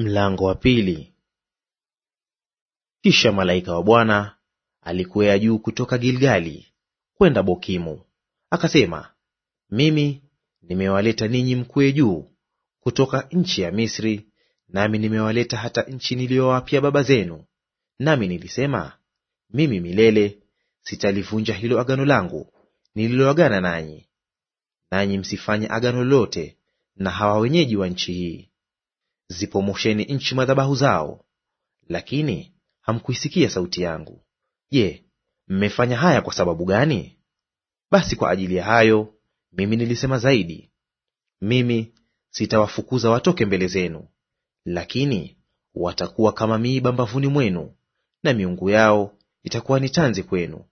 Mlango wa pili. Kisha malaika wa Bwana alikwea juu kutoka Gilgali kwenda Bokimu, akasema, mimi nimewaleta ninyi mkwe juu kutoka nchi ya Misri, nami nimewaleta hata nchi niliyowapia baba zenu, nami nilisema, mimi milele sitalivunja hilo agano langu nililoagana nanyi, nanyi msifanye agano lolote na hawa wenyeji wa nchi hii zipomosheni nchi madhabahu zao, lakini hamkuisikia sauti yangu. Je, mmefanya haya kwa sababu gani? Basi kwa ajili ya hayo mimi nilisema zaidi, mimi sitawafukuza watoke mbele zenu, lakini watakuwa kama miiba mbavuni mwenu, na miungu yao itakuwa ni tanzi kwenu.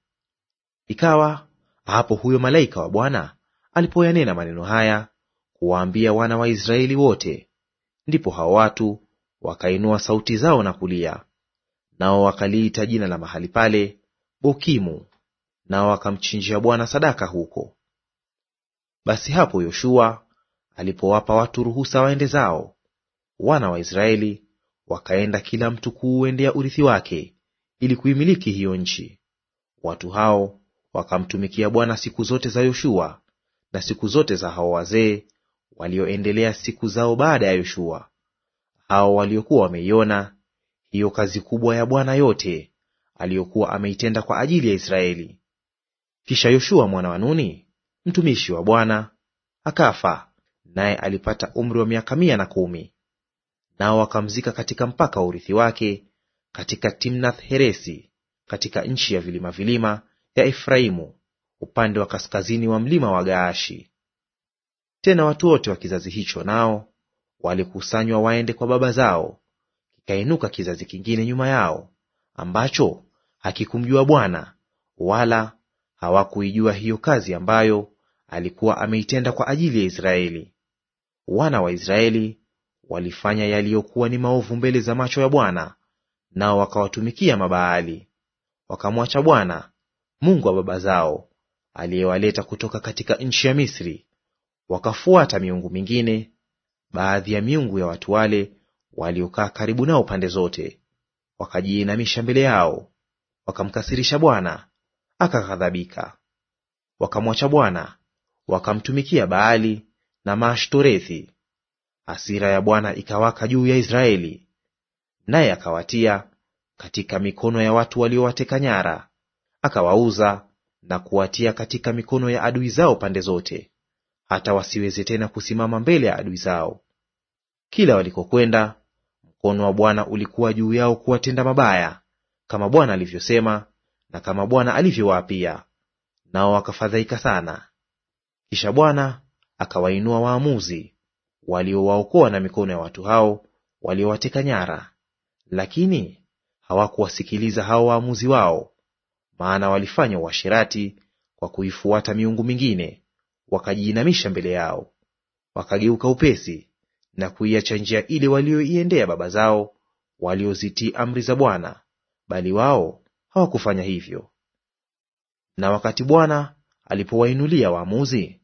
Ikawa hapo huyo malaika wa Bwana alipoyanena maneno haya kuwaambia wana wa Israeli wote Ndipo hao watu wakainua sauti zao na kulia, nao wakaliita jina la mahali pale Bokimu, nao wakamchinjia Bwana sadaka huko. Basi hapo Yoshua alipowapa watu ruhusa waende zao, wana wa Israeli wakaenda kila mtu kuuendea urithi wake, ili kuimiliki hiyo nchi. Watu hao wakamtumikia Bwana siku zote za Yoshua na siku zote za hao wazee walioendelea siku zao baada ya Yoshua, hao waliokuwa wameiona hiyo kazi kubwa ya Bwana yote aliyokuwa ameitenda kwa ajili ya Israeli. Kisha Yoshua mwana wa Nuni mtumishi wa Bwana akafa, naye alipata umri wa miaka mia na kumi. Nao wakamzika katika mpaka wa urithi wake katika Timnath Heresi katika nchi ya vilima vilima ya Efraimu upande wa kaskazini wa mlima wa Gaashi. Tena watu wote wa kizazi hicho nao walikusanywa waende kwa baba zao. Kikainuka kizazi kingine nyuma yao, ambacho hakikumjua Bwana, wala hawakuijua hiyo kazi ambayo alikuwa ameitenda kwa ajili ya Israeli. Wana wa Israeli walifanya yaliyokuwa ni maovu mbele za macho ya Bwana, nao wakawatumikia Mabaali. Wakamwacha Bwana Mungu wa baba zao, aliyewaleta kutoka katika nchi ya Misri, Wakafuata miungu mingine, baadhi ya miungu ya watu wale waliokaa karibu nao pande zote, wakajiinamisha mbele yao, wakamkasirisha Bwana akaghadhabika. Wakamwacha Bwana wakamtumikia Baali na Maashtorethi. Hasira ya Bwana ikawaka juu ya Israeli, naye akawatia katika mikono ya watu waliowateka nyara, akawauza na kuwatia katika mikono ya adui zao pande zote hata wasiweze tena kusimama mbele ya adui zao. Kila walikokwenda, mkono wa Bwana ulikuwa juu yao kuwatenda mabaya, kama Bwana alivyosema na kama Bwana alivyowaapia, nao wakafadhaika sana. Kisha Bwana akawainua waamuzi waliowaokoa na mikono ya watu hao waliowateka nyara, lakini hawakuwasikiliza hao waamuzi wao, maana walifanya uasherati kwa kuifuata miungu mingine wakajiinamisha mbele yao, wakageuka upesi na kuiacha njia ile walioiendea baba zao waliozitii amri za Bwana, bali wao hawakufanya hivyo. Na wakati Bwana alipowainulia waamuzi,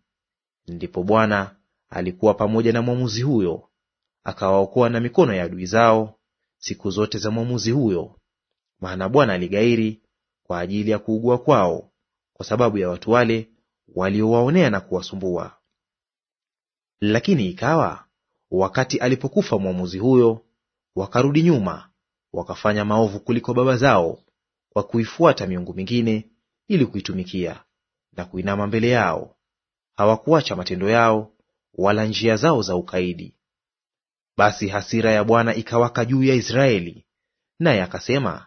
ndipo Bwana alikuwa pamoja na mwamuzi huyo, akawaokoa na mikono ya adui zao siku zote za mwamuzi huyo, maana Bwana aligairi kwa ajili ya kuugua kwao kwa sababu ya watu wale waliowaonea na kuwasumbua. Lakini ikawa wakati alipokufa mwamuzi huyo, wakarudi nyuma, wakafanya maovu kuliko baba zao, kwa kuifuata miungu mingine ili kuitumikia na kuinama mbele yao; hawakuacha matendo yao wala njia zao za ukaidi. Basi hasira ya Bwana ikawaka juu ya Israeli, naye akasema,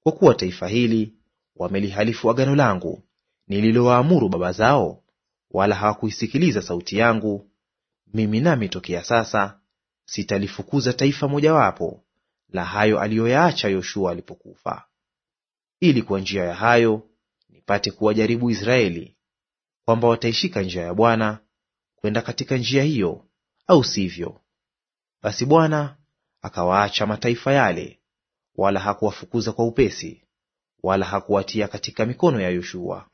kwa kuwa taifa hili wamelihalifu agano langu, nililowaamuru baba zao, wala hawakuisikiliza sauti yangu, mimi nami tokea sasa sitalifukuza taifa mojawapo la hayo aliyoyaacha Yoshua alipokufa, ili kwa njia ya hayo nipate kuwajaribu Israeli, kwamba wataishika njia ya Bwana kwenda katika njia hiyo, au sivyo. Basi Bwana akawaacha mataifa yale, wala hakuwafukuza kwa upesi, wala hakuwatia katika mikono ya Yoshua.